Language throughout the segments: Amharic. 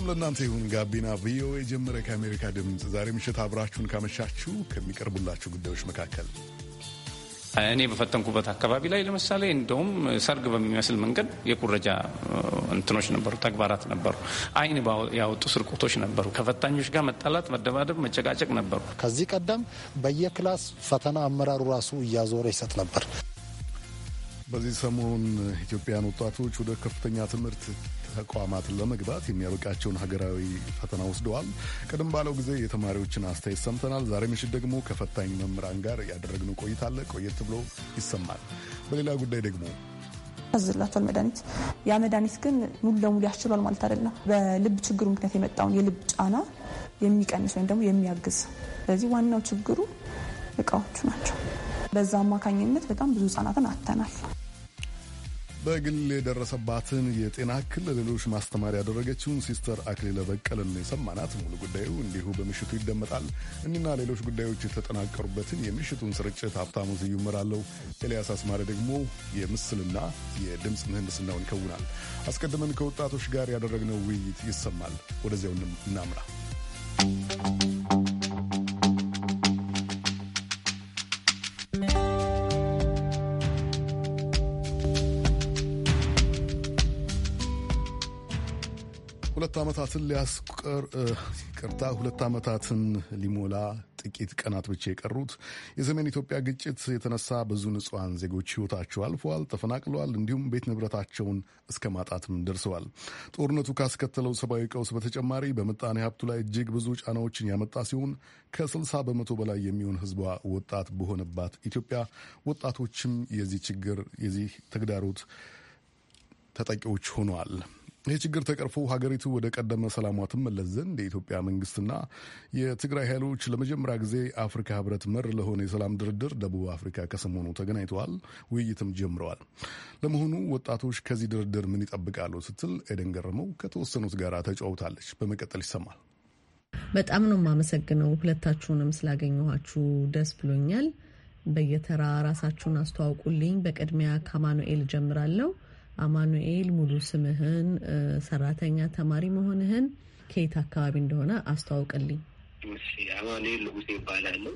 ሰላም ለእናንተ ይሁን። ጋቢና ቪኦኤ ጀመረ። ከአሜሪካ ድምፅ ዛሬ ምሽት አብራችሁን ካመሻችሁ ከሚቀርቡላችሁ ጉዳዮች መካከል እኔ በፈተንኩበት አካባቢ ላይ ለምሳሌ እንደውም ሰርግ በሚመስል መንገድ የኩረጃ እንትኖች ነበሩ፣ ተግባራት ነበሩ፣ አይን ያወጡ ስርቆቶች ነበሩ፣ ከፈታኞች ጋር መጣላት፣ መደባደብ፣ መጨቃጨቅ ነበሩ። ከዚህ ቀደም በየክላስ ፈተና አመራሩ ራሱ እያዞረ ይሰጥ ነበር። በዚህ ሰሞን ኢትዮጵያን ወጣቶች ወደ ከፍተኛ ትምህርት ተቋማትን ለመግባት የሚያበቃቸውን ሀገራዊ ፈተና ወስደዋል። ቀደም ባለው ጊዜ የተማሪዎችን አስተያየት ሰምተናል። ዛሬ ምሽት ደግሞ ከፈታኝ መምህራን ጋር ያደረግነው ቆይታ አለ፣ ቆየት ብሎ ይሰማል። በሌላ ጉዳይ ደግሞ ያዝላቸዋል መድኃኒት። ያ መድኃኒት ግን ሙሉ ለሙሉ ያስችሏል ማለት አይደለም። በልብ ችግሩ ምክንያት የመጣውን የልብ ጫና የሚቀንስ ወይም ደግሞ የሚያግዝ። ስለዚህ ዋናው ችግሩ እቃዎቹ ናቸው። በዛ አማካኝነት በጣም ብዙ ህጻናትን አተናል። በግል የደረሰባትን የጤና እክል ለሌሎች ማስተማሪያ ያደረገችውን ሲስተር አክሊለ በቀለን የሰማናት ሙሉ ጉዳዩ እንዲሁ በምሽቱ ይደመጣል። እኒና ሌሎች ጉዳዮች የተጠናቀሩበትን የምሽቱን ስርጭት ሀብታሙ ስዩም እመራለሁ። ኤልያስ አስማሪ ደግሞ የምስልና የድምፅ ምህንድስናውን ይከውናል። አስቀድመን ከወጣቶች ጋር ያደረግነው ውይይት ይሰማል። ወደዚያው እናምራ። Thank you. ሁለት ዓመታትን ሊያስቀር ይቅርታ፣ ሁለት ዓመታትን ሊሞላ ጥቂት ቀናት ብቻ የቀሩት የሰሜን ኢትዮጵያ ግጭት የተነሳ ብዙ ንጹሐን ዜጎች ሕይወታቸው አልፈዋል፣ ተፈናቅለዋል፣ እንዲሁም ቤት ንብረታቸውን እስከ ማጣትም ደርሰዋል። ጦርነቱ ካስከተለው ሰብአዊ ቀውስ በተጨማሪ በምጣኔ ሀብቱ ላይ እጅግ ብዙ ጫናዎችን ያመጣ ሲሆን ከ60 በመቶ በላይ የሚሆን ህዝቧ ወጣት በሆነባት ኢትዮጵያ ወጣቶችም የዚህ ችግር የዚህ ተግዳሮት ተጠቂዎች ሆነዋል። ይህ ችግር ተቀርፎ ሀገሪቱ ወደ ቀደመ ሰላሟ ትመለስ ዘንድ የኢትዮጵያ መንግስትና የትግራይ ኃይሎች ለመጀመሪያ ጊዜ አፍሪካ ህብረት መር ለሆነ የሰላም ድርድር ደቡብ አፍሪካ ከሰሞኑ ተገናኝተዋል፣ ውይይትም ጀምረዋል። ለመሆኑ ወጣቶች ከዚህ ድርድር ምን ይጠብቃሉ ስትል ኤደን ገረመው ከተወሰኑት ጋር ተጫውታለች። በመቀጠል ይሰማል። በጣም ነው የማመሰግነው ሁለታችሁንም ስላገኘኋችሁ ደስ ብሎኛል። በየተራ ራሳችሁን አስተዋውቁልኝ። በቅድሚያ ከማኑኤል ጀምራለሁ። አማኑኤል ሙሉ ስምህን፣ ሰራተኛ፣ ተማሪ መሆንህን ከየት አካባቢ እንደሆነ አስተዋውቅልኝ። አማኑኤል ንጉሴ ይባላለሁ።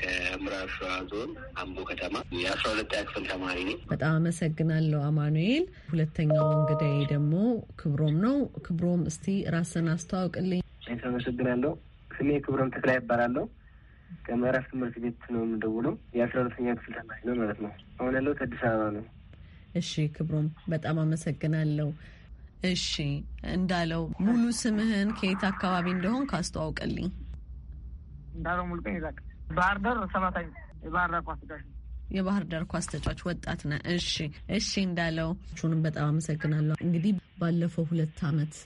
ከምዕራብ ሸዋ ዞን አምቦ ከተማ የአስራ ሁለት ክፍል ተማሪ ነኝ። በጣም አመሰግናለሁ አማኑኤል። ሁለተኛው እንግዳዬ ደግሞ ክብሮም ነው። ክብሮም እስቲ ራስን አስተዋውቅልኝ። አመሰግናለሁ። ስሜ ክብሮም ተክላ ይባላለሁ። ከምዕራፍ ትምህርት ቤት ነው የምደውለው። የአስራ ሁለተኛ ክፍል ተማሪ ነው ማለት ነው። አሁን ያለው ከአዲስ አበባ ነው። እሺ ክብሮም በጣም አመሰግናለሁ። እሺ እንዳለው ሙሉ ስምህን ከየት አካባቢ እንደሆን ካስተዋውቀልኝ። እንዳለው ሙሉ ባህር ዳር ሰባታኝ የባህር ዳር ኳስ ጋሽ የባህር ዳር ኳስ ተጫዋች ወጣት ነ እሺ እሺ፣ እንዳለው ቹንም በጣም አመሰግናለሁ። እንግዲህ ባለፈው ሁለት አመት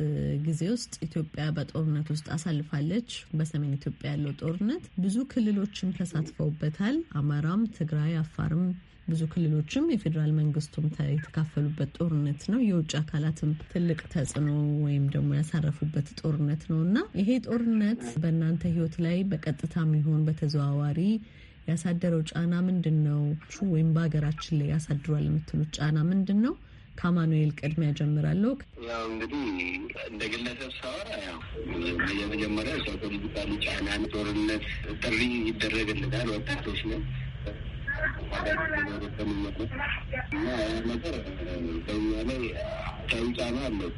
ጊዜ ውስጥ ኢትዮጵያ በጦርነት ውስጥ አሳልፋለች። በሰሜን ኢትዮጵያ ያለው ጦርነት ብዙ ክልሎችም ተሳትፈውበታል። አማራም፣ ትግራይ፣ አፋርም ብዙ ክልሎችም የፌዴራል መንግስቱም የተካፈሉበት ጦርነት ነው። የውጭ አካላትም ትልቅ ተጽዕኖ ወይም ደግሞ ያሳረፉበት ጦርነት ነው እና ይሄ ጦርነት በእናንተ ህይወት ላይ በቀጥታም ይሁን በተዘዋዋሪ ያሳደረው ጫና ምንድን ነው? ወይም በሀገራችን ላይ ያሳድሯል የምትሉት ጫና ምንድን ነው? ከአማኑኤል ቅድሚያ ጀምራለሁ። ያው እንግዲህ እንደ ግለሰብ ሳወራ ያው የመጀመሪያ ሰው ፖለቲካዊ ጫና ጦርነት ጥሪ ይደረግልናል። ወጣቶች ነው እና ነገር በኛ ላይ ታዊ ጫና አለው።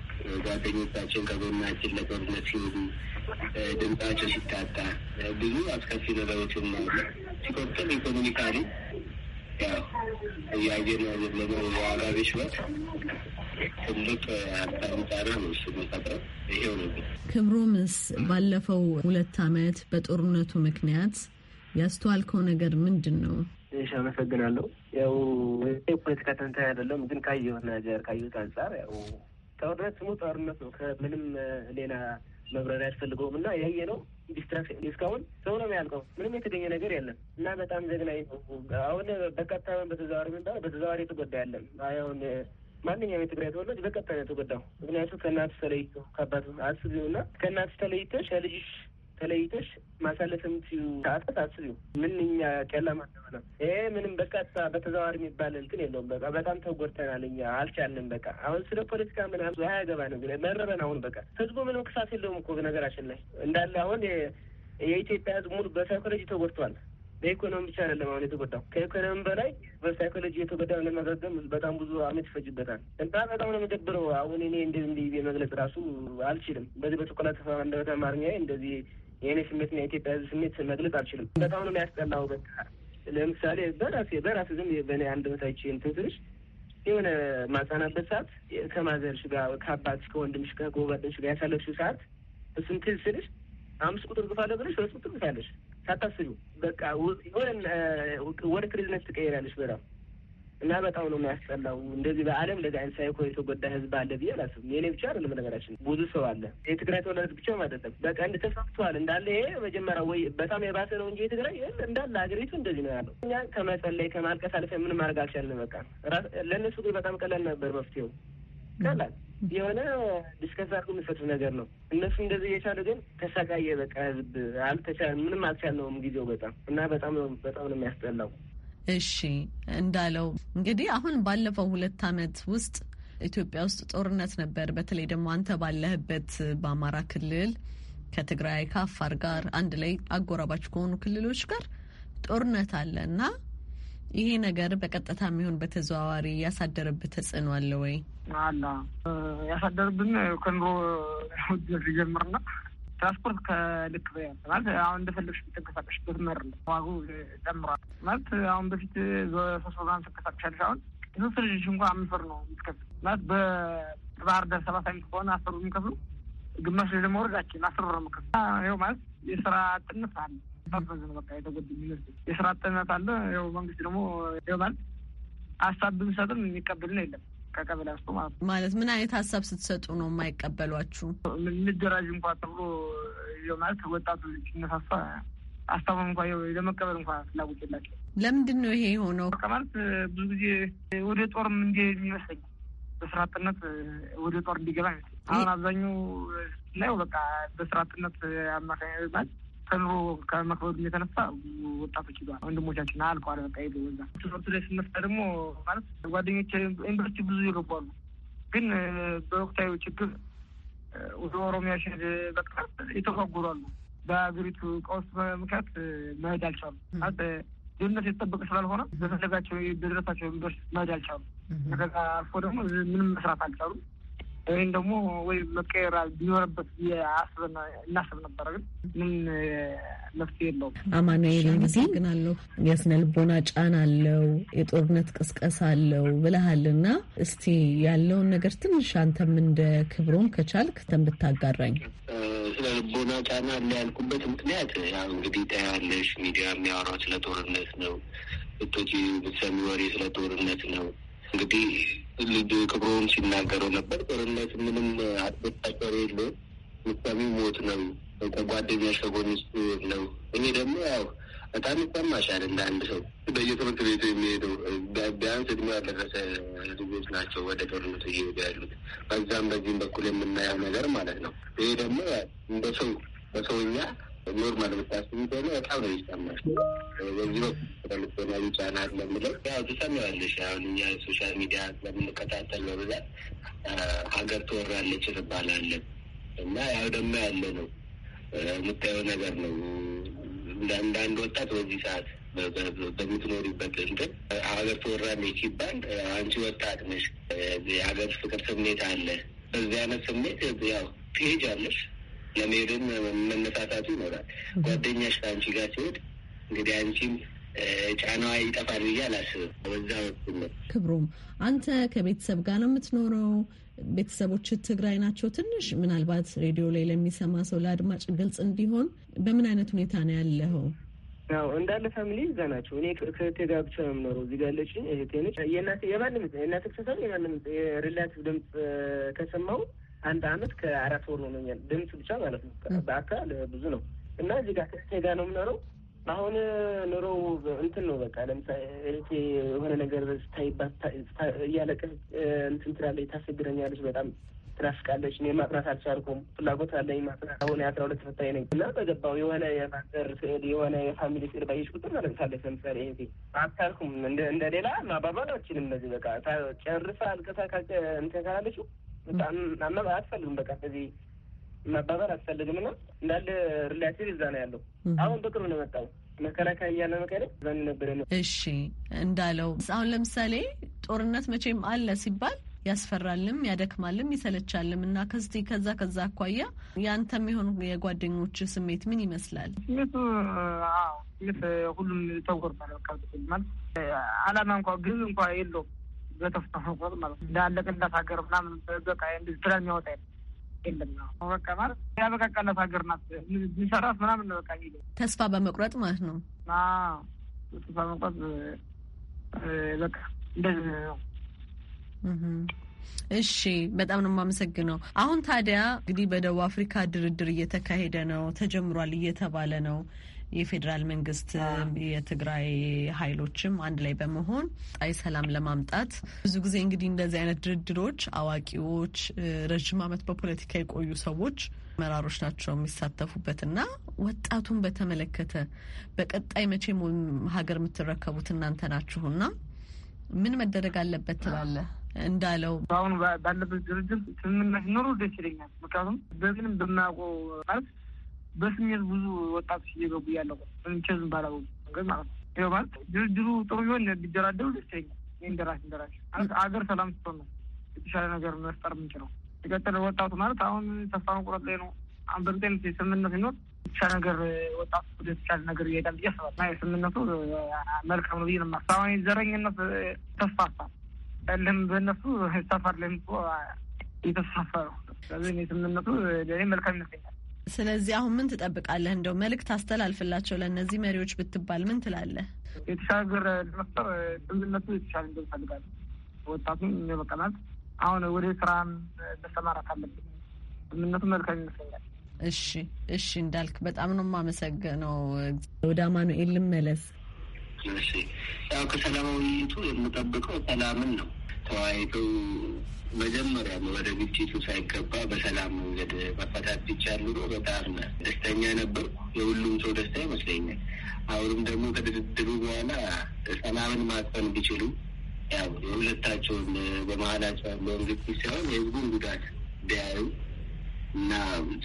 ጓደኞቻችን ከጎናችን ለጦርነት ሲሄዱ ድምጻቸው ሲታጣ ብዙ አስከፊ ነገሮች ማለት ሲቆጥል ኢኮኖሚካሊ ያው እያየን ያለነው የዋጋ ግሽበት ትልቅ አጣሪ ነው እሱ የሚፈጥረው። ይሄው ነበር። ክብሩምስ ባለፈው ሁለት አመት በጦርነቱ ምክንያት ያስተዋልከው ነገር ምንድን ነው? እሺ፣ አመሰግናለሁ። ያው የፖለቲካ ተንታኝ አይደለም፣ ግን ካየሁት ነገር ካየሁት አንጻር ያው ጦርነት ስሙ ጦርነት ነው ከምንም ሌላ መብረር ያስፈልገውም እና ያየ ነው ዲስትራክሽን እስካሁን ሰው ነው ያልቀው ምንም የተገኘ ነገር የለም እና በጣም ዘግናኝ ነው። አሁን በቀጥታ በተዘዋዋሪ ምንዳ በተዘዋዋሪ የተጎዳ ያለም አሁን ማንኛውም የትግራይ ተወላጅ በቀጥታ ነው የተጎዳው። ምክንያቱም ከእናቱ ተለይቶ ከአባት አስቢው እና ከእናቱ ተለይተሽ ከልጅሽ ተለይተሽ ማሳለፍ የምትችይው ሰዓታት አስቢው። ምንኛ ጨለማ እንደሆነ ይሄ ምንም በቃ በተዘዋዋሪ የሚባል እንትን የለውም። በቃ በጣም ተጎድተናል እኛ አልቻልንም። በቃ አሁን ስለ ፖለቲካ ምናምን ነው መረረን። አሁን በቃ ህዝቡ ምንም ክሳት የለውም እኮ ነገራችን ላይ እንዳለ አሁን የኢትዮጵያ ህዝብ ሙሉ በሳይኮሎጂ ተጎድቷል። በኢኮኖሚ ብቻ አይደለም አሁን የተጎዳው፣ ከኢኮኖሚ በላይ በሳይኮሎጂ የተጎዳው ለማገገም በጣም ብዙ አመት ይፈጅበታል እና በጣም ነው የምደብረው። አሁን እኔ እንደዚህ መግለጽ ራሱ አልችልም። በዚህ በተቆላ ተፋ እንደ ተማርኛ እንደዚህ የእኔ ስሜትና የኢትዮጵያ ሕዝብ ስሜት መግለጽ አልችልም። በጣም ነው የሚያስጠላው። በቃ ለምሳሌ በራሴ በራሴ ዝም በእኔ አንድ በታች እንትን ትንሽ የሆነ ማጻናበት ሰዓት ከማዘርሽ ጋር ከአባትሽ ከወንድምሽ ከጎበደሽ ጋር ያሳለፍሽው ሰዓት እሱም ትል ስልሽ አምስት ቁጥር ግፋለ ብለሽ ሁለት ቁጥር ግፋለሽ ሳታስቢው በቃ የሆነ ወደ ክሪዝነት ትቀይራለሽ በጣም እና በጣም ነው የሚያስጠላው። እንደዚህ በዓለም እንደዚህ አይነት ሳይኮ የተጎዳ ህዝብ አለ ብዬ አላስብም። የኔ ብቻ አይደለም፣ ነገራችን ብዙ ሰው አለ። የትግራይ ተወላጅ ብቻም አይደለም። በቀንድ ተሰብተዋል እንዳለ። ይሄ መጀመሪያ ወይ በጣም የባሰ ነው እንጂ የትግራይ እንዳለ ሀገሪቱ እንደዚህ ነው ያለው። እኛ ከመጸለይ ከማልቀስ አልፈን ምንም ማድረግ አልቻልንም። በቃ ለእነሱ ግን በጣም ቀላል ነበር መፍትሄው ቀላል የሆነ ዲስከስ አድርጎ የሚፈቱ ነገር ነው። እነሱ እንደዚህ እየቻሉ ግን ተሰቃየ። በቃ ህዝብ አልተቻለ ምንም አልቻል ነውም ጊዜው በጣም እና በጣም በጣም ነው የሚያስጠላው። እሺ እንዳለው እንግዲህ አሁን ባለፈው ሁለት ዓመት ውስጥ ኢትዮጵያ ውስጥ ጦርነት ነበር። በተለይ ደግሞ አንተ ባለህበት በአማራ ክልል ከትግራይ ከአፋር ጋር አንድ ላይ አጎራባች ከሆኑ ክልሎች ጋር ጦርነት አለ እና ይሄ ነገር በቀጥታ የሚሆን በተዘዋዋሪ ያሳደረብህ ተጽዕኖ አለ ወይ? አላ ያሳደረብን ከኑሮ ውድነት ጀምርና ትራንስፖርት ከልክ ማለት አሁን እንደፈለግሽ ትንቀሳቀሽ ብትመር ዋጉ ጨምሯል። ማለት አሁን በፊት ሶስት መቶ ሀምሳ ትንቀሳቀሻለሽ አሁን የሶስት ልጆች እንኳ አምስት ብር ነው የምትከፍል ማለት በባህር ዳር ሰባት አይነት ከሆነ አስር ብር የሚከፍሉ ግማሽ ልጅ ደግሞ ወረዳችን አስር ብር የምከፍሉ ው ማለት የስራ ጥነት አለ በቃ የተጎድ የስራ አጥነት አለ። ይኸው መንግስት ደግሞ ይኸው ማለት ሀሳብ ብንሰጥም የሚቀበልን የለም ከቀበሌ አስቶ ማለት ማለት ምን አይነት ሀሳብ ስትሰጡ ነው የማይቀበሏችሁ? እንደራጅ እንኳ ተብሎ ማለት ወጣቱ ሲነሳሳ አስታማ እንኳ ለመቀበል እንኳ ፍላጎት የላቸው። ለምንድን ነው ይሄ የሆነው? ማለት ብዙ ጊዜ ወደ ጦርም እንዲ የሚመስለኝ በስራ ወደ ጦር እንዲገባ ይመስለኝ። አሁን አብዛኛው ላይ በቃ በስራ አማካኝ ማለት ተምሮ ከመክበዱ የተነሳ ወጣቶች ይዟል ወንድሞቻችን አልቋል። በቃ ሄደ ወዛ ትምህርቱ ላይ ስነሳ ደግሞ ማለት ጓደኞች ዩኒቨርሲቲ ብዙ ይገባሉ፣ ግን በወቅታዊ ችግር ወደ ኦሮሚያ ሸድ በቃ ይተጓጉራሉ። በሀገሪቱ ቀውስ ምክንያት መሄድ አልቻሉ። ድህነት የተጠበቀ ስላልሆነ በፈለጋቸው በደረሳቸው ዩኒቨርሲቲ መሄድ አልቻሉ። ከዛ አልፎ ደግሞ ምንም መስራት አልቻሉ። ይህን ደግሞ ወይ መቀየር ቢኖርበት እናስብ ነበረ፣ ግን ምን መፍትሄ የለውም። አማኑኤል ጊዜ ግን የስነ ልቦና ጫና አለው፣ የጦርነት ቅስቀሳ አለው ብለሃል እና እስቲ ያለውን ነገር ትንሽ አንተም እንደ ክብሮም ከቻልክ ተንብታጋራኝ ብታጋራኝ። ስነ ልቦና ጫና አለ ያልኩበት ምክንያት ያው እንግዲህ ታያለሽ፣ ሚዲያ የሚያወራው ስለ ጦርነት ነው። እቶች የምትሰሚ ወሬ ስለ ጦርነት ነው እንግዲህ ልጅ ክብሮም ሲናገረው ነበር። ጦርነት ምንም አጥበታቸው የለውም፣ ምሳሜው ሞት ነው። ከጓደኛሽ ከጎንሽ ነው። እኔ ደግሞ ያው በጣም ይሰማሻል እንደ አንድ ሰው በየትምህርት ቤቱ የሚሄደው ቢያንስ እድሜ ያልደረሰ ልጆች ናቸው ወደ ጦርነቱ እየሄዱ ያሉት። በዛም በዚህም በኩል የምናየው ነገር ማለት ነው። ይሄ ደግሞ እንደ ሰው በሰውኛ ኖርማል የምታስቡ ከሆነ በጣም ነው ይሰማል። በዚህ በኩል ጫና ለምለው ያው ትሰሚዋለሽ። አሁን እኛ ሶሻል ሚዲያ ለምንከታተል በብዛት ሀገር ትወራለች ትባላለን እና ያው ደግሞ ያለ ነው የምታየው ነገር ነው። እንዳንድ ወጣት በዚህ ሰዓት በምትኖሪበት እንትን ሀገር ትወራለች ሲባል አንቺ ወጣት ነሽ፣ የሀገር ፍቅር ስሜት አለ። በዚህ አይነት ስሜት ያው ትሄጃለሽ ለመሄዱም መነሳሳቱ ይኖራል። ጓደኛሽ ከአንቺ ጋር ሲሄድ እንግዲህ አንቺም ጫናዋ ይጠፋል ብዬ አላስብም። በዛ በኩል ነው። ክብሩም አንተ ከቤተሰብ ጋር ነው የምትኖረው። ቤተሰቦች ትግራይ ናቸው። ትንሽ ምናልባት ሬዲዮ ላይ ለሚሰማ ሰው ለአድማጭ ግልጽ እንዲሆን በምን አይነት ሁኔታ ነው ያለኸው? ያው እንዳለ ፋሚሊ እዛ ናቸው። እኔ ከእህቴ ጋር ብቻ ነው የምኖረው። እዚህ ጋር ያለችኝ እህቴ ነች። የእናቴ የማንም የእናቴ ቤተሰብ የማንም ሪላቲቭ ድምፅ ከሰማው አንድ አመት ከአራት ወር ሆኖኛል። ድምፅ ብቻ ማለት ነው። በአካል ብዙ ነው እና እዚህ ጋር ከእህቴ ጋር ነው የምኖረው። አሁን ኑሮው እንትን ነው በቃ ለምሳሌ እህቴ የሆነ ነገር ስታይባት እያለቀስ እንትን ትላለች፣ ታስቸግረኛለች በጣም ትናፍቃለች። እኔ ማጥናት አልቻልኩም። ፍላጎት አለኝ ማጥናት። አሁን የአስራ ሁለት ተፈታኝ ነኝ እና በገባው የሆነ የፋዘር ስዕል የሆነ የፋሚሊ ስዕል ባየሽ ቁጥር ታለቅሳለች። ለምሳሌ ይሄ አታልኩም እንደ ሌላ ማባባል አልችልም። እነዚህ በቃ ጨርሳ አልቀሳ እንትን ካላለችው በጣም ማመብ አያስፈልግም። በቃ እዚህ መባበር አትፈልግም። ና እንዳለ ሪላቲቭ እዛ ነው ያለው። አሁን በቅርብ ነው የመጣው መከላከያ እያለ መቀለ ዛን ነበረ ነው። እሺ እንዳለው አሁን ለምሳሌ ጦርነት መቼም አለ ሲባል ያስፈራልም፣ ያደክማልም፣ ይሰለቻልም እና ከስቲ ከዛ ከዛ አኳያ ያንተም የሆኑ የጓደኞች ስሜት ምን ይመስላል? ስሜቱ ስሜት ሁሉም ተጎርቷል። በቃ ማለት አላማ እንኳ ግብ እንኳ የለውም በተፍተፉ ማለት ነው እንዳለቅለት ሀገር ምናምን በቃ ፕላን የሚያወጣ የለም ነው በቃ ማለት ያበቃቃለት ሀገር ናት ሚሰራት ምናምን በቃ ሚለ ተስፋ በመቁረጥ ማለት ነው። ተስፋ በመቁረጥ በቃ እንደዚህ ነው። እሺ በጣም ነው የማመሰግነው። አሁን ታዲያ እንግዲህ በደቡብ አፍሪካ ድርድር እየተካሄደ ነው ተጀምሯል እየተባለ ነው የፌዴራል መንግስት የትግራይ ኃይሎችም አንድ ላይ በመሆን ጣይ ሰላም ለማምጣት ብዙ ጊዜ እንግዲህ እንደዚህ አይነት ድርድሮች አዋቂዎች፣ ረዥም ዓመት በፖለቲካ የቆዩ ሰዎች መራሮች ናቸው የሚሳተፉበት እና ወጣቱን በተመለከተ በቀጣይ መቼም ሀገር የምትረከቡት እናንተ ናችሁና ምን መደረግ አለበት ትላለህ? እንዳለው አሁን ባለበት ድርድር ስምምነት ኖሮ ደስ ይለኛል። ምክንያቱም በምንም በማያውቀው ማለት በስሜት ብዙ ወጣቶች እየገቡ ያለው ንቸዝ ባላ መንገድ ማለት ነው። ማለት ድርድሩ ጥሩ ቢሆን ቢደራደሩ ደስ ይለኛል። እንደራሽ እንደራሽ አገር ሰላም ስትሆን ነው የተሻለ ነገር መፍጠር የምንችለው። የቀጠለ ወጣቱ ማለት አሁን ተስፋ መቁረጥ ላይ ነው። አሁን ስምነት የስምምነት ሲኖር የተሻለ ነገር ወጣቱ ወደ የተሻለ ነገር ይሄዳል ብዬ አስባለሁ ስምነቱ መልካም ነው ብዬ ነው የማስበው። አሁን የዘረኝነት ተስፋፋ ለም በእነሱ ሰፋር ለም የተስፋፋ ነው። ስለዚህ ስምነቱ ለእኔ መልካም ይመስለኛል። ስለዚህ አሁን ምን ትጠብቃለህ? እንደው መልእክት አስተላልፍላቸው ለእነዚህ መሪዎች ብትባል ምን ትላለህ? የተሻለ ሀገር ለመፍጠር ጥምዝነቱ የተሻለ እንደ ይፈልጋለሁ። ወጣቱም በቀናት አሁን ወደ ስራም መሰማራት አለብን። ጥምዝነቱ መልካም ይመስለኛል። እሺ፣ እሺ እንዳልክ በጣም ነው የማመሰግነው። ወደ አማኑኤል ልመለስ። እሺ፣ ያው ከሰላማዊ ውይይቱ የምጠብቀው ሰላምን ነው ተወያይተው መጀመሪያ ወደ ግጭቱ ሳይገባ በሰላም መንገድ መፈታት ቢቻል ኑሮ በጣም ደስተኛ ነበር። የሁሉም ሰው ደስታ ይመስለኛል። አሁንም ደግሞ ከድርድሩ በኋላ ሰላምን ማስፈን ቢችሉ ያው የሁለታቸውን በመሀላቸው ያለውን ግጭት ሳይሆን የህዝቡን ጉዳት ቢያዩ እና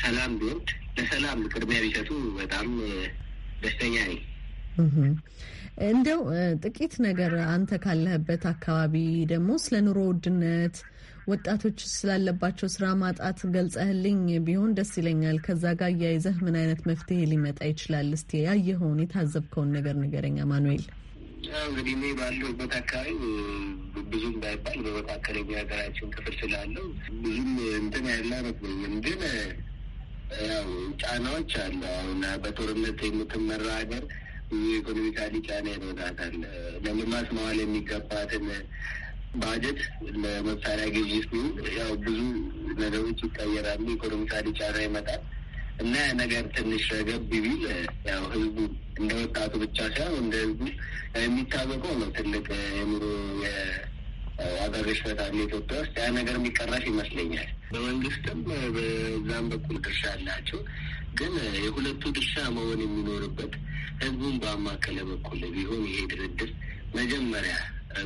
ሰላም ቢወርድ ለሰላም ቅድሚያ ቢሰጡ በጣም ደስተኛ ነኝ። እንደው ጥቂት ነገር አንተ ካለህበት አካባቢ ደግሞ ስለ ኑሮ ውድነት ወጣቶች ስላለባቸው ስራ ማጣት ገልጸህልኝ ቢሆን ደስ ይለኛል። ከዛ ጋር እያይዘህ ምን አይነት መፍትሄ ሊመጣ ይችላል? እስቲ ያየኸውን የታዘብከውን ነገር ንገረኝ አማኑኤል። እንግዲህ እኔ ባለሁበት አካባቢ ብዙም ባይባል በመካከለኛ ሀገራችን ክፍል ስላለው ብዙም እንትን ያለ አይመስለኝም። ግን ያው ጫናዎች አሉ። አሁን በጦርነት የምትመራ ሀገር ብዙ ኢኮኖሚካሊ ጫና ይኖራታል። ለልማት መዋል የሚገባትን ባጀት ለመሳሪያ ገዢ ሲሆን ያው ብዙ ነገሮች ይቀየራሉ። ኢኮኖሚካሊ ጫና ይመጣል እና ነገር ትንሽ ረገብ ቢል ያው ህዝቡ እንደ ወጣቱ ብቻ ሳይሆን እንደ ህዝቡ የሚታወቀው ነው ትልቅ የኑሮ የዋጋ ግሽበት አለ ኢትዮጵያ ውስጥ። ያ ነገር የሚቀረፍ ይመስለኛል። በመንግስትም በዛም በኩል ድርሻ አላቸው። ግን የሁለቱ ድርሻ መሆን የሚኖርበት ህዝቡን በአማከለ በኩል ቢሆን ይሄ ድርድር መጀመሪያ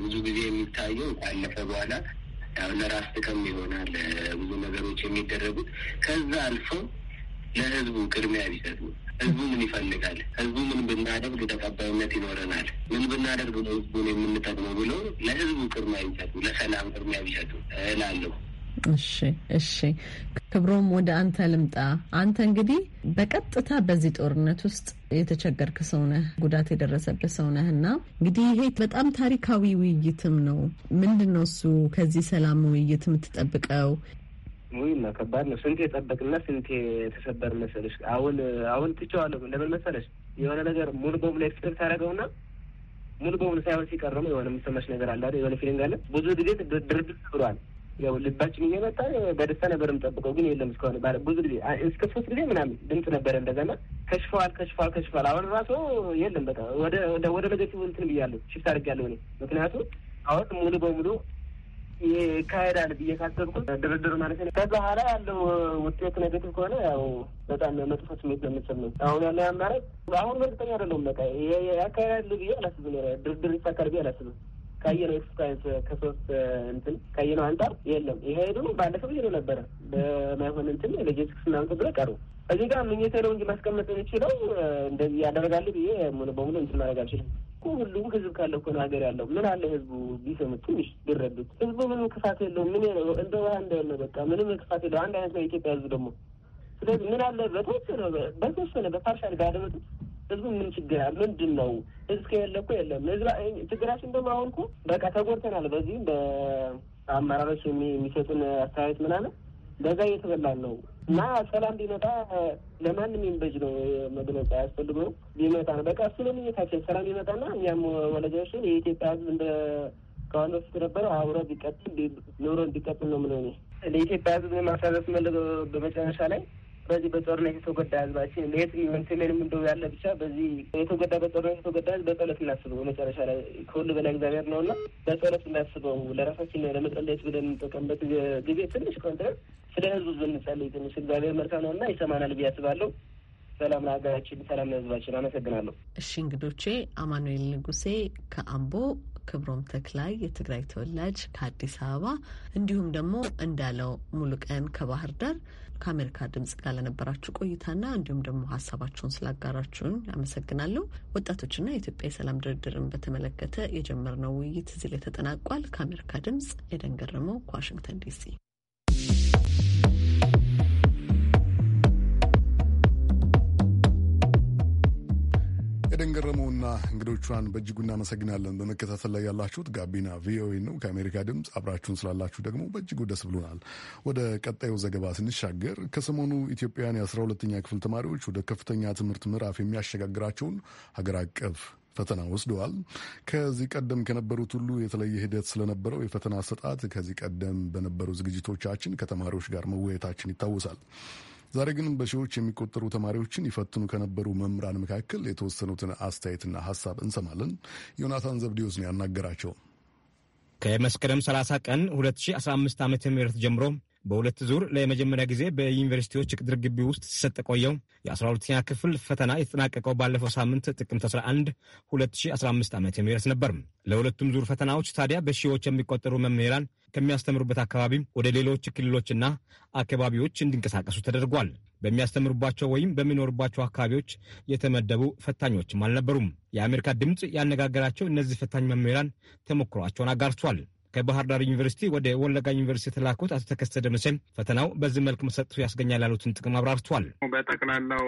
ብዙ ጊዜ የሚታየው ካለፈ በኋላ ለራስ ጥቅም ይሆናል ብዙ ነገሮች የሚደረጉት። ከዛ አልፈው ለህዝቡ ቅድሚያ ቢሰጡ ህዝቡ ምን ይፈልጋል፣ ህዝቡ ምን ብናደርግ ተቀባይነት ይኖረናል፣ ምን ብናደርግ ነው ህዝቡን የምንጠቅመው ብሎ ለህዝቡ ቅድሚያ ቢሰጡ፣ ለሰላም ቅድሚያ ቢሰጡ እላለሁ። እሺ እሺ ክብሮም ወደ አንተ ልምጣ። አንተ እንግዲህ በቀጥታ በዚህ ጦርነት ውስጥ የተቸገርክ ሰውነህ ጉዳት የደረሰብህ ሰውነህ ነህ እና እንግዲህ ይሄ በጣም ታሪካዊ ውይይትም ነው። ምንድን ነው እሱ ከዚህ ሰላም ውይይት የምትጠብቀው? ውይማ ከባድ ነው። ስንቴ የጠበቅና ስንቴ የተሰበር መሰለሽ። አሁን አሁን ትቼዋለሁ። እንደምን መሰለሽ የሆነ ነገር ሙሉ በሙሉ ኤክስፕር ታደረገውና ሙሉ በሙሉ ሳይሆን ሲቀርሙ የሆነ የምሰማሽ ነገር አለ የሆነ ፊሊንግ አለ። ብዙ ጊዜ ድርድር ብሏል ያው ልባችን እየመጣ በደስታ ነበር የምጠብቀው፣ ግን የለም እስከሆነ ባለ ብዙ ጊዜ እስከ ሶስት ጊዜ ምናምን ድምፅ ነበረ እንደዛና ከሽፈዋል፣ ከሽፈዋል፣ ከሽፈዋል። አሁን ራሱ የለም በቃ ወደ ወደ ኔጌቲቭ እንትን ብያለሁ፣ ሽፍት አድርጌያለሁ እኔ ምክንያቱም አሁን ሙሉ በሙሉ ይካሄዳል ብዬ ካሰብኩት ድርድር ማለት ነው። ከዛ ከበኋላ ያለው ውጤት ኔጌቲቭ ከሆነ ያው በጣም መጥፎ ስሜት ነው አሁን ያለ አማራጭ አሁን በርግጠኛ አይደለሁም። በቃ ያካሄዳል ብዬ አላስብም። ድርድር ይሳካል ብዬ አላስብም። ካየነው ኤክስፐሪንስ ከሶስት እንትን ካየነው አንጻር የለም ይሄ ደግሞ ባለፈው ሄዶ ነበረ በማይሆን እንትን ሎጂስቲክስ ምናምን ብለ ቀሩ። እዚህ ጋር ምኝት ሄደው እንጂ ማስቀመጥ የሚችለው እንደዚህ ያደረጋል ብዬ ሙሉ በሙሉ እንትን ማድረግ አልችልም። ሁሉም ህዝብ ካለ እኮ ነው ሀገር ያለው። ምን አለ ህዝቡ ቢሰሙት ትንሽ ቢረዱት። ህዝቡ ምንም ክፋት የለው። ምን ነው እንደ ውሃ እንደሆነ በቃ ምንም ክፋት የለው። አንድ አይነት ነው የኢትዮጵያ ህዝብ ደግሞ። ስለዚህ ምን አለ በተወሰነ በተወሰነ በፓርሻል ቢያደመጡት ህዝቡ ምን ችግር ምንድን ነው? ህዝብ ከሌለ እኮ የለም። ችግራችን ደግሞ አሁን እኮ በቃ ተጎድተናል። በዚህም በአመራሮች የሚሰጡን አስተያየት ምናምን በዛ እየተበላን ነው እና ሰላም ቢመጣ ለማንም የሚበጅ ነው መግለጫ ያስፈልግ ነው ቢመጣ ነው በቃ እሱ ለምኘታችን ሰላም ቢመጣና እኛም ወለጃዎችን የኢትዮጵያ ህዝብ እንደ ከአሁን በፊት ነበረው አብሮ ቢቀጥል ኑሮ እንዲቀጥል ነው ምን ለኢትዮጵያ ህዝብ ማሳለፍ መለ በመጨረሻ ላይ በዚህ በጦርነት የተጎዳ ህዝባችን ለየት መንስለንም እንደው ያለ ብቻ በዚህ የተጎዳ በጦርነት የተጎዳ ህዝብ በጸሎት እናስበው። መጨረሻ ላይ ከሁሉ በላይ እግዚአብሔር ነው ነውና በጸሎት እናስበው። ለራሳችን ለመጸለየት ብለን የምንጠቀምበት ጊዜ ትንሽ ቆንጥረን ስለ ህዝቡ ብንጸልይ ትንሽ እግዚአብሔር መልካም ነውና ይሰማናል ብዬ አስባለሁ። ሰላም ለሀገራችን፣ ሰላም ለህዝባችን። አመሰግናለሁ። እሺ እንግዶቼ አማኑኤል ንጉሴ ከአምቦ ክብሮም ተክላይ የትግራይ ተወላጅ ከአዲስ አበባ እንዲሁም ደግሞ እንዳለው ሙሉቀን ከባህር ዳር ከአሜሪካ ድምጽ ጋር ለነበራችሁ ቆይታና እንዲሁም ደግሞ ሀሳባችሁን ስላጋራችሁን አመሰግናለሁ። ወጣቶችና የኢትዮጵያ የሰላም ድርድርን በተመለከተ የጀመርነው ውይይት እዚህ ላይ ተጠናቋል። ከአሜሪካ ድምጽ ኤደን ገረመው ከዋሽንግተን ዲሲ ኤደን ገረመውና እንግዶቿን በእጅጉ እናመሰግናለን። በመከታተል ላይ ያላችሁት ጋቢና ቪኦኤ ነው ከአሜሪካ ድምፅ። አብራችሁን ስላላችሁ ደግሞ በእጅጉ ደስ ብሎናል። ወደ ቀጣዩ ዘገባ ስንሻገር ከሰሞኑ ኢትዮጵያውያን የአስራ ሁለተኛ ክፍል ተማሪዎች ወደ ከፍተኛ ትምህርት ምዕራፍ የሚያሸጋግራቸውን ሀገር አቀፍ ፈተና ወስደዋል። ከዚህ ቀደም ከነበሩት ሁሉ የተለየ ሂደት ስለነበረው የፈተና ሰጣት ከዚህ ቀደም በነበሩ ዝግጅቶቻችን ከተማሪዎች ጋር መወያየታችን ይታወሳል። ዛሬ ግን በሺዎች የሚቆጠሩ ተማሪዎችን ይፈትኑ ከነበሩ መምህራን መካከል የተወሰኑትን አስተያየትና ሀሳብ እንሰማለን። ዮናታን ዘብዴዎስ ነው ያናገራቸው። ከመስከረም 30 ቀን 2015 ዓ ም ጀምሮ በሁለት ዙር ለመጀመሪያ ጊዜ በዩኒቨርሲቲዎች ቅጥር ግቢ ውስጥ ሲሰጥ ቆየው የ12ኛ ክፍል ፈተና የተጠናቀቀው ባለፈው ሳምንት ጥቅምት 11 2015 ዓ ም ነበር። ለሁለቱም ዙር ፈተናዎች ታዲያ በሺዎች የሚቆጠሩ መምህራን ከሚያስተምሩበት አካባቢ ወደ ሌሎች ክልሎችና አካባቢዎች እንዲንቀሳቀሱ ተደርጓል። በሚያስተምሩባቸው ወይም በሚኖሩባቸው አካባቢዎች የተመደቡ ፈታኞችም አልነበሩም። የአሜሪካ ድምፅ ያነጋገራቸው እነዚህ ፈታኝ መምህራን ተሞክሯቸውን አጋርቷል። ከባህር ዳር ዩኒቨርሲቲ ወደ ወለጋ ዩኒቨርሲቲ የተላኩት አቶ ተከሰደ መሰል ፈተናው በዚህ መልክ መሰጠቱ ያስገኛል ያሉትን ጥቅም አብራርቷል። በጠቅላላው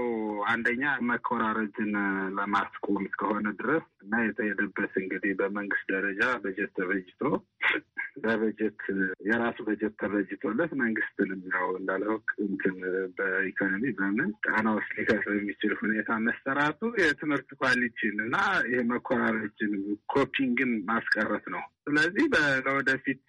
አንደኛ መኮራረጅን ለማስቆም እስከሆነ ድረስ እና የተሄደበት እንግዲህ በመንግስት ደረጃ በጀት ተበጅቶ በበጀት የራሱ በጀት ተበጅቶለት መንግስትንም ያው እንዳለወቅ እንትን በኢኮኖሚ በምን ጫና ውስጥ ሊከፍ የሚችል ሁኔታ መሰራቱ የትምህርት ኳሊቲን እና ይሄ መኮራረጅን ኮፒንግን ማስቀረት ነው ስለዚህ ለወደፊት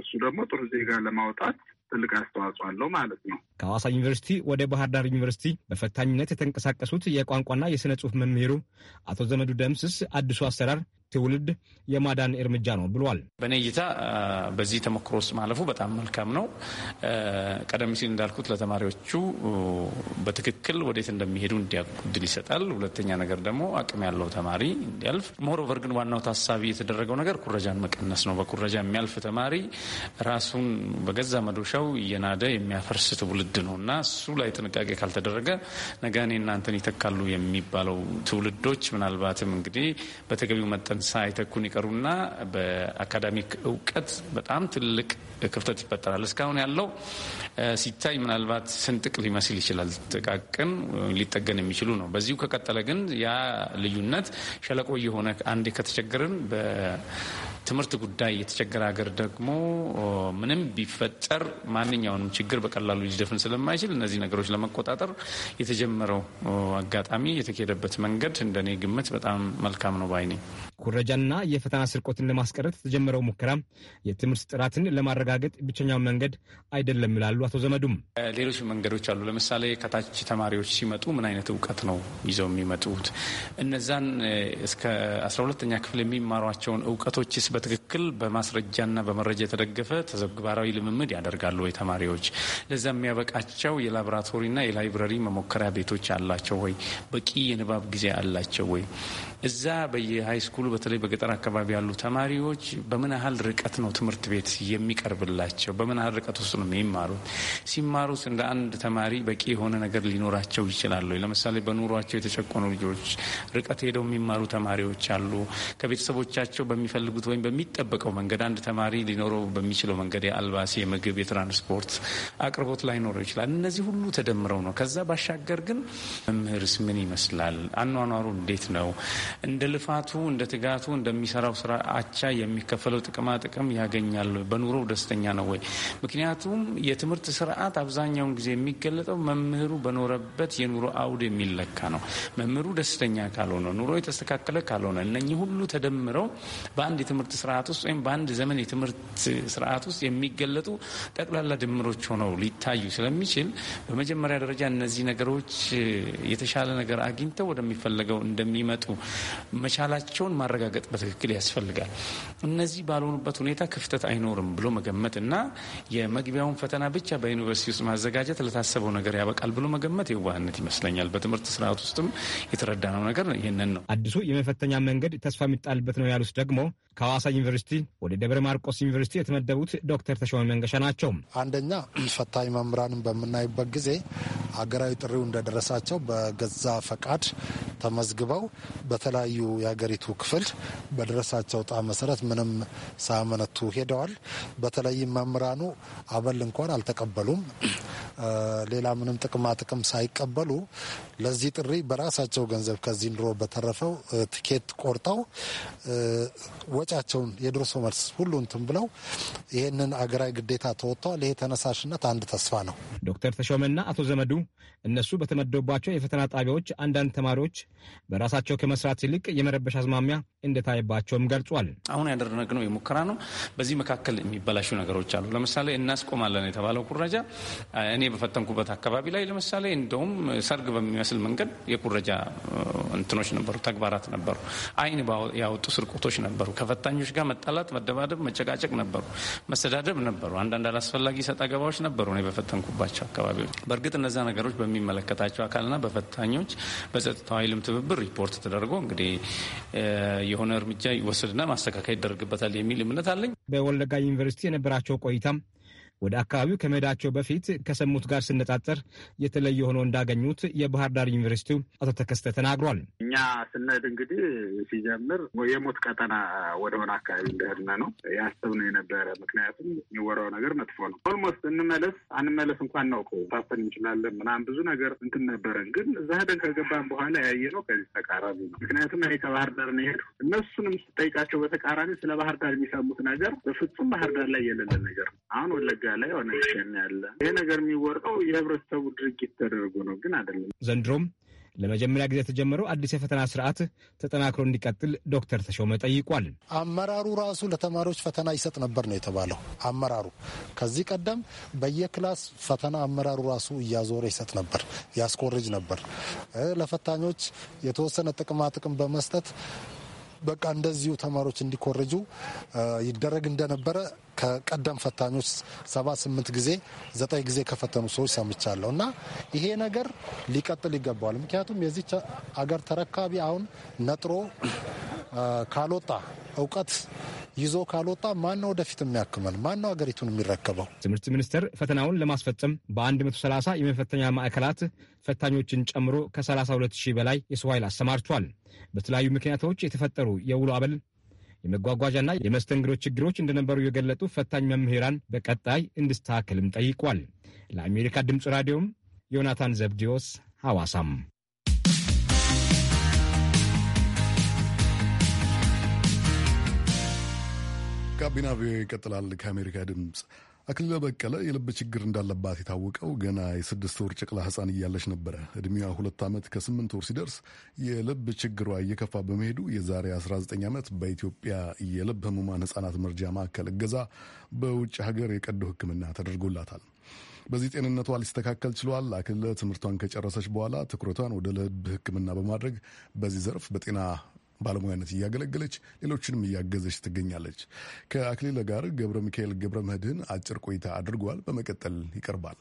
እሱ ደግሞ ጥሩ ዜጋ ለማውጣት ትልቅ አስተዋጽኦ አለው ማለት ነው። ከሐዋሳ ዩኒቨርሲቲ ወደ ባህር ዳር ዩኒቨርሲቲ በፈታኝነት የተንቀሳቀሱት የቋንቋና የሥነ ጽሑፍ መምህሩ አቶ ዘመዱ ደምስስ አዲሱ አሰራር ትውልድ የማዳን እርምጃ ነው ብሏል። በእኔ እይታ በዚህ ተሞክሮ ውስጥ ማለፉ በጣም መልካም ነው። ቀደም ሲል እንዳልኩት ለተማሪዎቹ በትክክል ወዴት እንደሚሄዱ እንዲያውቁ እድል ይሰጣል። ሁለተኛ ነገር ደግሞ አቅም ያለው ተማሪ እንዲያልፍ። ሞሮቨር ግን ዋናው ታሳቢ የተደረገው ነገር ኩረጃን መቀነስ ነው። በኩረጃ የሚያልፍ ተማሪ ራሱን በገዛ መዶሻው እየናደ የሚያፈርስ ትውልድ ነው እና እሱ ላይ ጥንቃቄ ካልተደረገ ነገ እኔ እናንተን ይተካሉ የሚባለው ትውልዶች ምናልባትም እንግዲህ በተገቢው መጠን ሳይተኩን ይቀሩና በአካዳሚክ እውቀት በጣም ትልቅ ክፍተት ይፈጠራል። እስካሁን ያለው ሲታይ ምናልባት ስንጥቅ ሊመስል ይችላል። ጥቃቅን ሊጠገን የሚችሉ ነው። በዚሁ ከቀጠለ ግን ያ ልዩነት ሸለቆ የሆነ አንዴ ከተቸገርን በትምህርት ጉዳይ የተቸገረ ሀገር ደግሞ ምንም ቢፈጠር ማንኛውንም ችግር በቀላሉ ሊደፍን ስለማይችል እነዚህ ነገሮች ለመቆጣጠር የተጀመረው አጋጣሚ የተካሄደበት መንገድ እንደኔ ግምት በጣም መልካም ነው ባይ ነኝ። ኩረጃና የፈተና ስርቆትን ለማስቀረት የተጀመረው ሙከራ የትምህርት ጥራትን ለማረጋገጥ ብቸኛው መንገድ አይደለም ይላሉ አቶ ዘመዱም። ሌሎች መንገዶች አሉ። ለምሳሌ ከታች ተማሪዎች ሲመጡ ምን አይነት እውቀት ነው ይዘው የሚመጡት? እነዛን እስከ 12ተኛ ክፍል የሚማሯቸውን እውቀቶችስ በትክክል በማስረጃና በመረጃ የተደገፈ ተዘግባራዊ ልምምድ ያደርጋሉ ወይ ተማሪዎች? ለዛ የሚያበቃቸው የላቦራቶሪና የላይብረሪ መሞከሪያ ቤቶች አላቸው ወይ? በቂ የንባብ ጊዜ አላቸው ወይ? እዛ በየሃይስኩሉ በተለይ በገጠር አካባቢ ያሉ ተማሪዎች በምን ያህል ርቀት ነው ትምህርት ቤት የሚቀርብላቸው? በምን ያህል ርቀት ውስጥ ነው የሚማሩት? ሲማሩት እንደ አንድ ተማሪ በቂ የሆነ ነገር ሊኖራቸው ይችላሉ? ለምሳሌ በኑሯቸው የተጨቆኑ ልጆች፣ ርቀት ሄደው የሚማሩ ተማሪዎች አሉ። ከቤተሰቦቻቸው በሚፈልጉት ወይም በሚጠበቀው መንገድ አንድ ተማሪ ሊኖረው በሚችለው መንገድ የአልባሲ፣ የምግብ፣ የትራንስፖርት አቅርቦት ላይኖረው ይችላል። እነዚህ ሁሉ ተደምረው ነው። ከዛ ባሻገር ግን መምህርስ ምን ይመስላል? አኗኗሩ እንዴት ነው? እንደ ልፋቱ እንደ በትጋቱ እንደሚሰራው ስራ አቻ የሚከፈለው ጥቅማ ጥቅም ያገኛል? በኑሮ ደስተኛ ነው ወይ? ምክንያቱም የትምህርት ስርዓት አብዛኛውን ጊዜ የሚገለጠው መምህሩ በኖረበት የኑሮ አውድ የሚለካ ነው። መምህሩ ደስተኛ ካልሆነ፣ ኑሮ የተስተካከለ ካልሆነ፣ እነኚህ ሁሉ ተደምረው በአንድ የትምህርት ስርዓት ውስጥ ወይም በአንድ ዘመን የትምህርት ስርዓት ውስጥ የሚገለጡ ጠቅላላ ድምሮች ሆነው ሊታዩ ስለሚችል በመጀመሪያ ደረጃ እነዚህ ነገሮች የተሻለ ነገር አግኝተው ወደሚፈለገው እንደሚመጡ መቻላቸውን ማረጋገጥ በትክክል ያስፈልጋል። እነዚህ ባልሆኑበት ሁኔታ ክፍተት አይኖርም ብሎ መገመት እና የመግቢያውን ፈተና ብቻ በዩኒቨርሲቲ ውስጥ ማዘጋጀት ለታሰበው ነገር ያበቃል ብሎ መገመት የዋህነት ይመስለኛል። በትምህርት ስርዓት ውስጥም የተረዳነው ነገር ይህንን ነው። አዲሱ የመፈተኛ መንገድ ተስፋ የሚጣልበት ነው ያሉት ደግሞ ከሐዋሳ ዩኒቨርሲቲ ወደ ደብረ ማርቆስ ዩኒቨርሲቲ የተመደቡት ዶክተር ተሾመ መንገሻ ናቸው። አንደኛ ፈታኝ መምህራንን በምናይበት ጊዜ አገራዊ ጥሪው እንደደረሳቸው በገዛ ፈቃድ ተመዝግበው በተለያዩ የሀገሪቱ ክፍል በደረሳቸው ጣ መሰረት ምንም ሳያመነቱ ሄደዋል። በተለይም መምህራኑ አበል እንኳን አልተቀበሉም። ሌላ ምንም ጥቅማ ጥቅም ሳይቀበሉ ለዚህ ጥሪ በራሳቸው ገንዘብ ከዚህ ኑሮ በተረፈው ትኬት ቆርጠው ወጫቸውን የድሮሶ መልስ ሁሉ እንትን ብለው ይህንን አገራዊ ግዴታ ተወጥተዋል። ይሄ ተነሳሽነት አንድ ተስፋ ነው። ዶክተር ተሾመና አቶ ዘመዱ እነሱ በተመደቡባቸው የፈተና ጣቢያዎች አንዳንድ ተማሪዎች በራሳቸው ከመስራት ይልቅ የመረበሽ አዝማሚያ እንደታይባቸውም ገልጿል። አሁን ያደረግነው የሙከራ ነው። በዚህ መካከል የሚበላሹ ነገሮች አሉ። ለምሳሌ እናስቆማለን የተባለው ኩረጃ እኔ በፈተንኩበት አካባቢ ላይ ለምሳሌ እንደውም ሰርግ በሚመስል መንገድ የኩረጃ እንትኖች ነበሩ፣ ተግባራት ነበሩ፣ አይን ያወጡ ስርቆቶች ነበሩ። ተፈታኞች ጋር መጣላት፣ መደባደብ፣ መጨቃጨቅ ነበሩ፣ መሰዳደብ ነበሩ። አንዳንድ አላስፈላጊ ሰጥ አገባዎች ነበሩ እኔ በፈተንኩባቸው አካባቢዎች። በእርግጥ እነዛ ነገሮች በሚመለከታቸው አካልና በፈታኞች በጸጥታ ኃይልም ትብብር ሪፖርት ተደርጎ እንግዲህ የሆነ እርምጃ ይወስድና ማስተካከል ይደረግበታል የሚል እምነት አለኝ። በወለጋ ዩኒቨርሲቲ የነበራቸው ቆይታም ወደ አካባቢው ከመሄዳቸው በፊት ከሰሙት ጋር ስነጣጠር የተለየ ሆኖ እንዳገኙት የባህር ዳር ዩኒቨርሲቲው አቶ ተከስተ ተናግሯል። እኛ ስንሄድ እንግዲህ ሲጀምር የሞት ቀጠና ወደሆነ አካባቢ እንደሄድን ነው ያሰብነው የነበረ። ምክንያቱም የሚወራው ነገር መጥፎ ነው። ኦልሞስት እንመለስ አንመለስ እንኳን እናውቀው ታፈን እንችላለን ምናምን ብዙ ነገር እንትን ነበረን። ግን እዛ ሄደን ከገባን በኋላ ያየ ነው ከዚህ ተቃራኒ ነው። ምክንያቱም እኔ ከባህር ዳር ነው የሄድኩ። እነሱንም ስጠይቃቸው በተቃራኒ ስለ ባህር ዳር የሚሰሙት ነገር በፍጹም ባህር ዳር ላይ የሌለ ነገር አሁን ወለጋ ላይ የሆነ ያለ ይሄ ነገር የሚወርቀው የህብረተሰቡ ድርጊት ተደርጎ ነው፣ ግን አይደለም። ዘንድሮም ለመጀመሪያ ጊዜ የተጀመረው አዲስ የፈተና ስርዓት ተጠናክሮ እንዲቀጥል ዶክተር ተሾመ ጠይቋል። አመራሩ ራሱ ለተማሪዎች ፈተና ይሰጥ ነበር ነው የተባለው። አመራሩ ከዚህ ቀደም በየክላስ ፈተና አመራሩ ራሱ እያዞረ ይሰጥ ነበር፣ ያስኮርጅ ነበር። ለፈታኞች የተወሰነ ጥቅማ ጥቅም በመስጠት በቃ እንደዚሁ ተማሪዎች እንዲኮርጁ ይደረግ እንደነበረ ከቀደም ፈታኞች ሰባ ስምንት ጊዜ ዘጠኝ ጊዜ ከፈተኑ ሰዎች ሰምቻለሁ እና ይሄ ነገር ሊቀጥል ይገባዋል። ምክንያቱም የዚች አገር ተረካቢ አሁን ነጥሮ ካልወጣ እውቀት ይዞ ካልወጣ ማነው ወደፊት የሚያክመን? ማነው ሀገሪቱን የሚረከበው? ትምህርት ሚኒስቴር ፈተናውን ለማስፈጸም በ130 የመፈተኛ ማዕከላት ፈታኞችን ጨምሮ ከ32 ሺህ በላይ የሰው ኃይል አሰማርቷል። በተለያዩ ምክንያቶች የተፈጠሩ የውሎ አበል የመጓጓዣና የመስተንግዶ ችግሮች እንደነበሩ የገለጡ ፈታኝ መምህራን በቀጣይ እንዲስተካከልም ጠይቋል። ለአሜሪካ ድምፅ ራዲዮም ዮናታን ዘብዲዮስ ሐዋሳም ጋቢና ቪኦኤ ይቀጥላል። ከአሜሪካ ድምፅ አክሊለ በቀለ የልብ ችግር እንዳለባት የታወቀው ገና የስድስት ወር ጨቅላ ሕፃን እያለች ነበረ። እድሜዋ ሁለት ዓመት ከስምንት ወር ሲደርስ የልብ ችግሯ እየከፋ በመሄዱ የዛሬ 19 ዓመት በኢትዮጵያ የልብ ህሙማን ሕፃናት መርጃ ማዕከል እገዛ በውጭ ሀገር የቀዶ ሕክምና ተደርጎላታል። በዚህ ጤንነቷ ሊስተካከል ችሏል። አክልለ ትምህርቷን ከጨረሰች በኋላ ትኩረቷን ወደ ልብ ሕክምና በማድረግ በዚህ ዘርፍ በጤና ባለሙያነት እያገለገለች ሌሎችንም እያገዘች ትገኛለች። ከአክሊለ ጋር ገብረ ሚካኤል ገብረ መድህን አጭር ቆይታ አድርጓል። በመቀጠል ይቀርባል።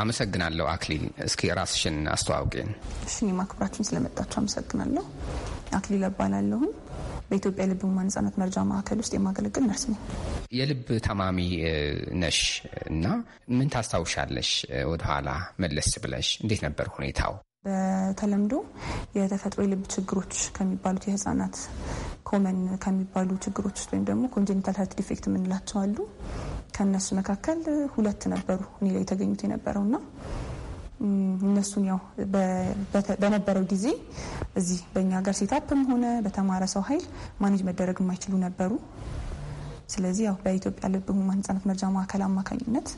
አመሰግናለሁ። አክሊል እስኪ ራስሽን አስተዋውቂን። እሺ፣ ማክብራችን ስለመጣችሁ አመሰግናለሁ። አክሊል እባላለሁኝ በኢትዮጵያ ልብ ህሙማን ህጻናት መርጃ ማዕከል ውስጥ የማገለግል ነርስ ነኝ። የልብ ታማሚ ነሽ እና ምን ታስታውሻለሽ? ወደኋላ መለስ ብለሽ እንዴት ነበር ሁኔታው? በተለምዶ የተፈጥሮ የልብ ችግሮች ከሚባሉት የህጻናት ኮመን ከሚባሉ ችግሮች ውስጥ ወይም ደግሞ ኮንጀኒታል ሀርት ዲፌክት የምንላቸው አሉ። ከእነሱ መካከል ሁለት ነበሩ እኔ ላይ የተገኙት የነበረውና እነሱን ያው በነበረው ጊዜ እዚህ በእኛ ሀገር ሴታፕም ሆነ በተማረ ሰው ኃይል ማኔጅ መደረግ የማይችሉ ነበሩ። ስለዚህ ያው በኢትዮጵያ ልብ ህሙማን ህጻናት መርጃ ማዕከል አማካኝነት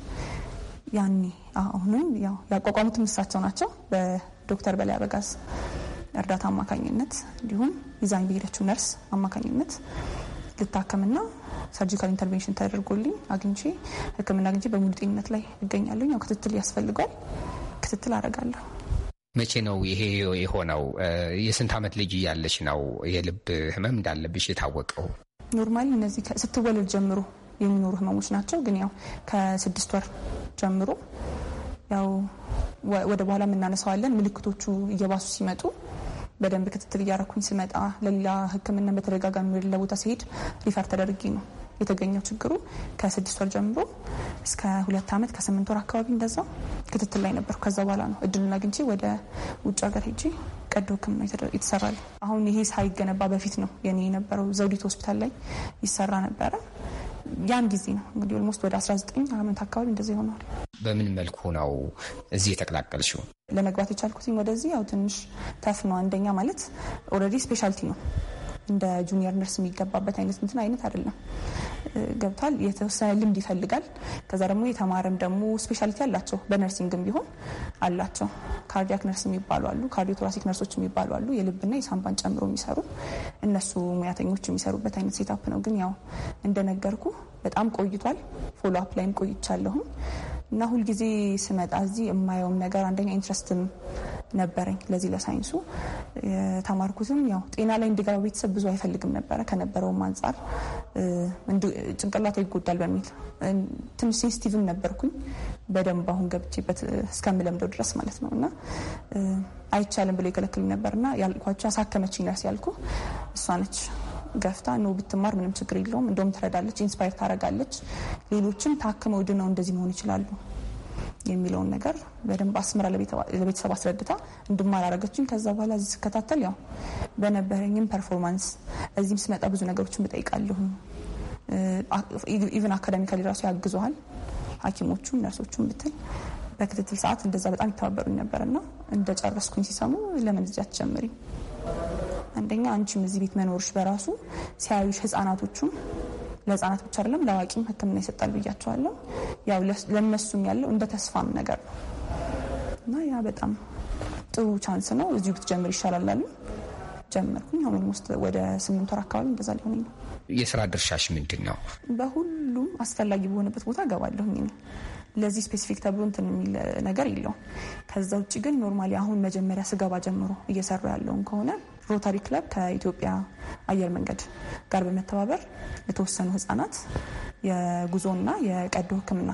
ያኔ አሁንም ያው ያቋቋሙት እሳቸው ናቸው። ዶክተር በላይ አበጋዝ እርዳታ አማካኝነት እንዲሁም ይዛኝ በሄደችው ነርስ አማካኝነት ልታከምና ሰርጂካል ኢንተርቬንሽን ተደርጎልኝ አግኝቼ ሕክምና አግኝቼ በሙሉ ጤንነት ላይ እገኛለሁ። ያው ክትትል ያስፈልጓል፣ ክትትል አደርጋለሁ። መቼ ነው ይሄ የሆነው? የስንት ዓመት ልጅ እያለች ነው የልብ ህመም እንዳለብሽ የታወቀው? ኖርማሊ እነዚህ ስትወለድ ጀምሮ የሚኖሩ ህመሞች ናቸው። ግን ያው ከስድስት ወር ጀምሮ ያው ወደ በኋላ የምናነሳዋለን። ምልክቶቹ እየባሱ ሲመጡ በደንብ ክትትል እያረኩኝ ስመጣ ለሌላ ሕክምና በተደጋጋሚ ሌላ ቦታ ሲሄድ ሪፈር ተደርጌ ነው የተገኘው። ችግሩ ከስድስት ወር ጀምሮ እስከ ሁለት ዓመት ከስምንት ወር አካባቢ እንደዛ ክትትል ላይ ነበርኩ። ከዛ በኋላ ነው እድሉን አግኝቼ ወደ ውጭ ሀገር ሄጄ ቀዶ ሕክምና የተሰራል። አሁን ይሄ ሳይገነባ በፊት ነው የኔ የነበረው ዘውዲቱ ሆስፒታል ላይ ይሰራ ነበረ። ያን ጊዜ ነው እንግዲህ ኦልሞስት ወደ 19 ዓመት አካባቢ እንደዚህ ይሆናል። በምን መልኩ ነው እዚህ የተቀላቀልሽው? ለመግባት የቻልኩትኝ ወደዚህ ያው ትንሽ ተፍ ነው። አንደኛ ማለት ኦልሬዲ ስፔሻልቲ ነው እንደ ጁኒየር ነርስ የሚገባበት አይነት እንትን አይነት አይደለም። ገብቷል። የተወሰነ ልምድ ይፈልጋል። ከዛ ደግሞ የተማረም ደግሞ ስፔሻሊቲ አላቸው። በነርሲንግም ቢሆን አላቸው። ካርዲያክ ነርስ የሚባሉ አሉ፣ ካርዲዮቶራሲክ ነርሶች የሚባሉ አሉ። የልብና የሳምባን ጨምሮ የሚሰሩ እነሱ ሙያተኞች የሚሰሩበት አይነት ሴታፕ ነው። ግን ያው እንደነገርኩ በጣም ቆይቷል። ፎሎ አፕ ላይም ቆይቻለሁም እና ሁልጊዜ ስመጣ እዚህ የማየውም ነገር አንደኛ ኢንትረስትም ነበረኝ ለዚህ ለሳይንሱ የተማርኩትም ያው ጤና ላይ እንድገባ ቤተሰብ ብዙ አይፈልግም ነበረ። ከነበረውም አንጻር ጭንቅላት ይጎዳል በሚል ትንሽ ሴንስቲቭም ነበርኩኝ በደንብ አሁን ገብቼበት እስከምለምደው ድረስ ማለት ነው እና አይቻልም ብሎ የከለክሉኝ ነበርና ያልኳቸው አሳከመችኝ ነርስ ያልኩ እሷ ነች። ገፍታ ኖ ብትማር ምንም ችግር የለውም እንደውም ትረዳለች፣ ኢንስፓየር ታደርጋለች፣ ሌሎችም ታክመው ድነው እንደዚህ መሆን ይችላሉ የሚለውን ነገር በደንብ አስምራ ለቤተሰብ አስረድታ እንድማር ከዛ በኋላ እዚህ ስከታተል ያው በነበረኝም ፐርፎርማንስ እዚህም ስመጣ ብዙ ነገሮችን እጠይቃለሁ። ኢቨን አካዳሚካሊ ራሱ ያግዘዋል። ሐኪሞቹም ነርሶቹም ብትል በክትትል ሰዓት እንደዛ በጣም ይተባበሩኝ ነበርና እንደ ጨረስኩኝ ሲሰሙ ለምን እዚህ አትጀምሪም? አንደኛ አንቺም እዚህ ቤት መኖርሽ በራሱ ሲያዩሽ ህጻናቶቹም ለህጻናት ብቻ አይደለም ለአዋቂም ህክምና ይሰጣል ብያቸዋለሁ። ያው ለነሱም ያለው እንደ ተስፋም ነገር ነው እና ያ በጣም ጥሩ ቻንስ ነው። እዚሁ ብትጀምር ይሻላል አሉ። ጀመርኩኝ። አሁን ውስጥ ወደ ስምንት ወር አካባቢ እንደዛ ሊሆነኝ ነው። የስራ ድርሻሽ ምንድን ነው? በሁሉም አስፈላጊ በሆነበት ቦታ ነው ለዚህ ስፔሲፊክ ተብሎ እንትን የሚል ነገር የለውም። ከዛ ውጭ ግን ኖርማሊ አሁን መጀመሪያ ስገባ ጀምሮ እየሰራ ያለውን ከሆነ ሮታሪ ክለብ ከኢትዮጵያ አየር መንገድ ጋር በመተባበር የተወሰኑ ህጻናት የጉዞና የቀዶ ህክምና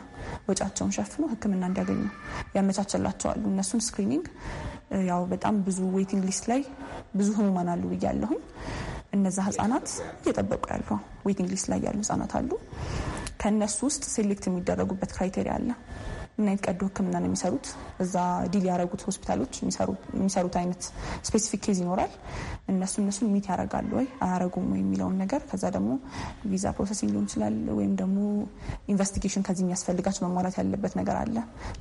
ወጫቸውን ሸፍኖ ህክምና እንዲያገኙ ያመቻችላቸዋሉ። እነሱን ስክሪኒንግ ያው በጣም ብዙ ዌይቲንግ ሊስት ላይ ብዙ ህሙማን አሉ ብያለሁኝ። እነዛ ህጻናት እየጠበቁ ያሉ ዌይቲንግ ሊስት ላይ ያሉ ህጻናት አሉ። ከእነሱ ውስጥ ሴሌክት የሚደረጉበት ክራይቴሪያ አለ። ናይት ቀዶ ህክምና ነው የሚሰሩት። እዛ ዲል ያደረጉት ሆስፒታሎች የሚሰሩት አይነት ስፔሲፊክ ኬዝ ይኖራል። እነሱ እነሱን ሚት ያደርጋሉ ወይ አያረጉም ወይ የሚለውን ነገር ከዛ ደግሞ ቪዛ ፕሮሰሲንግ ሊሆን ይችላል ወይም ደግሞ ኢንቨስቲጌሽን ከዚህ የሚያስፈልጋቸው መሟላት ያለበት ነገር አለ።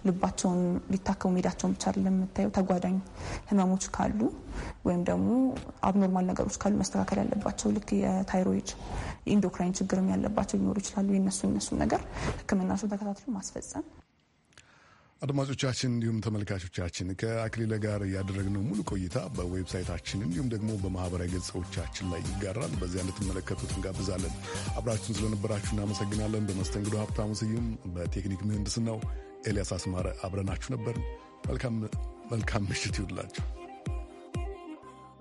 ልባቸውን ሊታከሙ ሄዳቸውን ብቻ የምታየው ተጓዳኝ ህመሞች ካሉ ወይም ደግሞ አብኖርማል ነገሮች ካሉ መስተካከል ያለባቸው ልክ የታይሮይድ የኢንዶክራይን ችግርም ያለባቸው ሊኖሩ ይችላሉ። የነሱ እነሱን ነገር ህክምናቸውን ተከታትሎ ማስፈጸም አድማጮቻችን እንዲሁም ተመልካቾቻችን ከአክሊለ ጋር ያደረግነው ሙሉ ቆይታ በዌብሳይታችን እንዲሁም ደግሞ በማህበራዊ ገጾቻችን ላይ ይጋራል። በዚያ እንድትመለከቱት እንጋብዛለን። አብራችሁን ስለነበራችሁ እናመሰግናለን። በመስተንግዶ ሀብታሙ ስዩም፣ በቴክኒክ ምህንድስናው ኤልያስ አስማረ አብረናችሁ ነበር። መልካም ምሽት ይሁንላችሁ።